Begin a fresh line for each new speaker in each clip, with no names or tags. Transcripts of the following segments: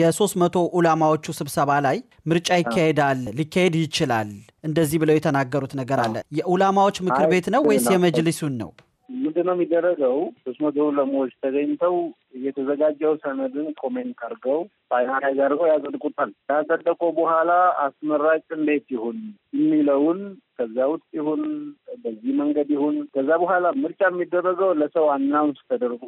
የሶስት መቶ ኡላማዎቹ ስብሰባ ላይ ምርጫ ይካሄዳል፣ ሊካሄድ ይችላል እንደዚህ ብለው የተናገሩት ነገር አለ። የኡላማዎች ምክር ቤት ነው ወይስ የመጅሊሱን ነው?
ምንድነው የሚደረገው? ሶስት መቶ ለሞች ተገኝተው የተዘጋጀው ሰነድን ኮሜንት አድርገው
ፋይናላይዝ አድርገው
ያጸድቁታል። ያጸደቀው በኋላ አስመራጭ እንዴት ይሁን የሚለውን ከዛ ውስጥ ይሁን በዚህ መንገድ ይሁን ከዛ በኋላ ምርጫ የሚደረገው ለሰው አናውንስ ተደርጎ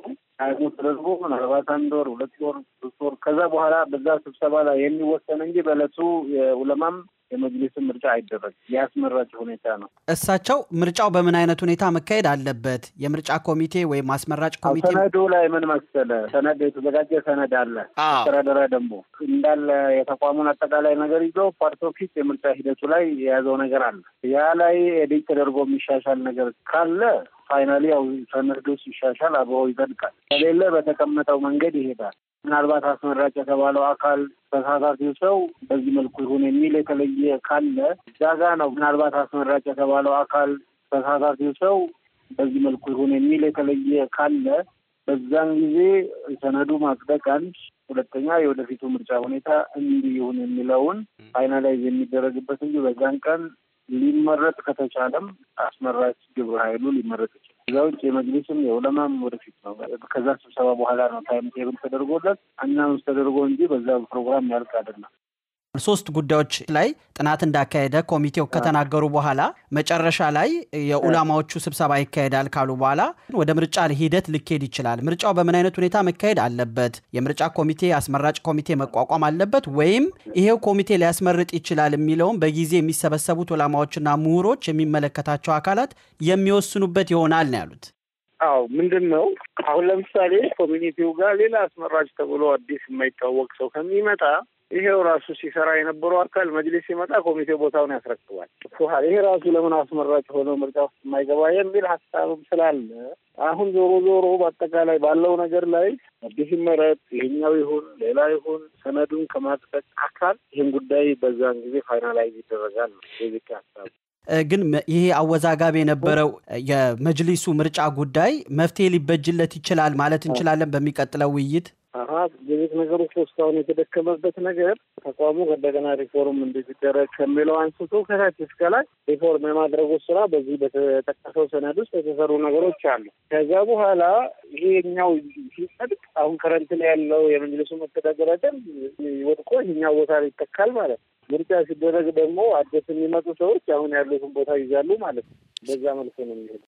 አይሙ ተደርጎ ምናልባት አንድ ወር፣ ሁለት ወር፣ ሶስት ወር ከዛ በኋላ በዛ ስብሰባ ላይ የሚወሰን እንጂ በእለቱ የዑለማም የመጅሊሱ ምርጫ አይደረግ የአስመራጭ ሁኔታ ነው።
እሳቸው ምርጫው በምን አይነት ሁኔታ መካሄድ አለበት? የምርጫ ኮሚቴ ወይም አስመራጭ ኮሚቴ ሰነዱ
ላይ ምን መሰለ ሰነድ የተዘጋጀ ሰነድ አለ። አስተዳደራ ደግሞ እንዳለ የተቋሙን አጠቃላይ ነገር ይዞ ፓርቶ ፊት የምርጫ ሂደቱ ላይ የያዘው ነገር አለ። ያ ላይ ኤዲት ተደርጎ የሚሻሻል ነገር ካለ ፋይናሊ ያው ሰነዱ ሲሻሻል አብሮ ይዘልቃል። ከሌለ በተቀመጠው መንገድ ይሄዳል። ምናልባት አስመራጭ የተባለው አካል ተሳታፊው ሰው በዚህ መልኩ ይሁን የሚል የተለየ ካለ እዛ ጋ ነው። ምናልባት አስመራጭ የተባለው አካል ተሳታፊው ሰው በዚህ መልኩ ይሁን የሚል የተለየ ካለ በዛን ጊዜ ሰነዱ ማጽደቅ አንድ፣ ሁለተኛ የወደፊቱ ምርጫ ሁኔታ እንዲ ይሁን የሚለውን ፋይናላይዝ የሚደረግበት እንጂ በዛን ቀን ሊመረጥ ከተቻለም አስመራጭ ግብረ ኃይሉ ሊመረጥ ይችላል። እዛ ውጭ የመጅሊስም የዑለማም ወደፊት ነው። ከዛ ስብሰባ በኋላ ነው ታይም ቴብል ተደርጎለት አናውንስ ተደርጎ እንጂ በዛ ፕሮግራም ያልቅ አይደለም።
ሶስት ጉዳዮች ላይ ጥናት እንዳካሄደ ኮሚቴው ከተናገሩ በኋላ መጨረሻ ላይ የኡላማዎቹ ስብሰባ ይካሄዳል ካሉ በኋላ ወደ ምርጫ ሂደት ሊካሄድ ይችላል። ምርጫው በምን አይነት ሁኔታ መካሄድ አለበት? የምርጫ ኮሚቴ፣ አስመራጭ ኮሚቴ መቋቋም አለበት ወይም ይሄው ኮሚቴ ሊያስመርጥ ይችላል የሚለውም በጊዜ የሚሰበሰቡት ኡላማዎችና ምሁሮች የሚመለከታቸው አካላት የሚወስኑበት ይሆናል ነው ያሉት።
አዎ ምንድን ነው አሁን ለምሳሌ ኮሚኒቲው ጋር ሌላ አስመራጭ ተብሎ አዲስ የማይታወቅ ሰው ከሚመጣ ይሄው ራሱ ሲሰራ የነበረው አካል መጅሊስ ሲመጣ ኮሚቴ ቦታውን ያስረክባል። ፉሃል ይሄ ራሱ ለምን አስመራጭ ሆኖ ምርጫ ውስጥ የማይገባ የሚል ሀሳብም ስላለ አሁን ዞሮ ዞሮ በአጠቃላይ ባለው ነገር ላይ አዲስ ይመረጥ ይሄኛው ይሁን ሌላ ይሁን ሰነዱን ከማጽደቅ አካል ይህን ጉዳይ በዛን ጊዜ ፋይናላይዝ ይደረጋል ነው የዚቅ ሀሳብ።
ግን ይሄ አወዛጋቢ የነበረው የመጅሊሱ ምርጫ ጉዳይ መፍትሄ ሊበጅለት ይችላል ማለት እንችላለን በሚቀጥለው ውይይት
አራት የቤት ነገሮች እስካሁን የተደከመበት ነገር ተቋሙ እንደገና ሪፎርም እንዲደረግ ከሚለው አንስቶ ከታች እስከ ላይ ሪፎርም የማድረጉ ስራ በዚህ በተጠቀሰው ሰነድ ውስጥ የተሰሩ ነገሮች አሉ። ከዚያ በኋላ ይሄኛው ሲጸድቅ አሁን ከረንት ላይ ያለው የመጅልሱ መተዳደሪያ ደንብ ወድቆ ይሄኛው ቦታ ላይ ይተካል ማለት ነው። ምርጫ ሲደረግ ደግሞ አዲስ የሚመጡ ሰዎች አሁን ያሉትን ቦታ ይዛሉ ማለት ነው። በዛ መልኩ ነው የሚሄዱ።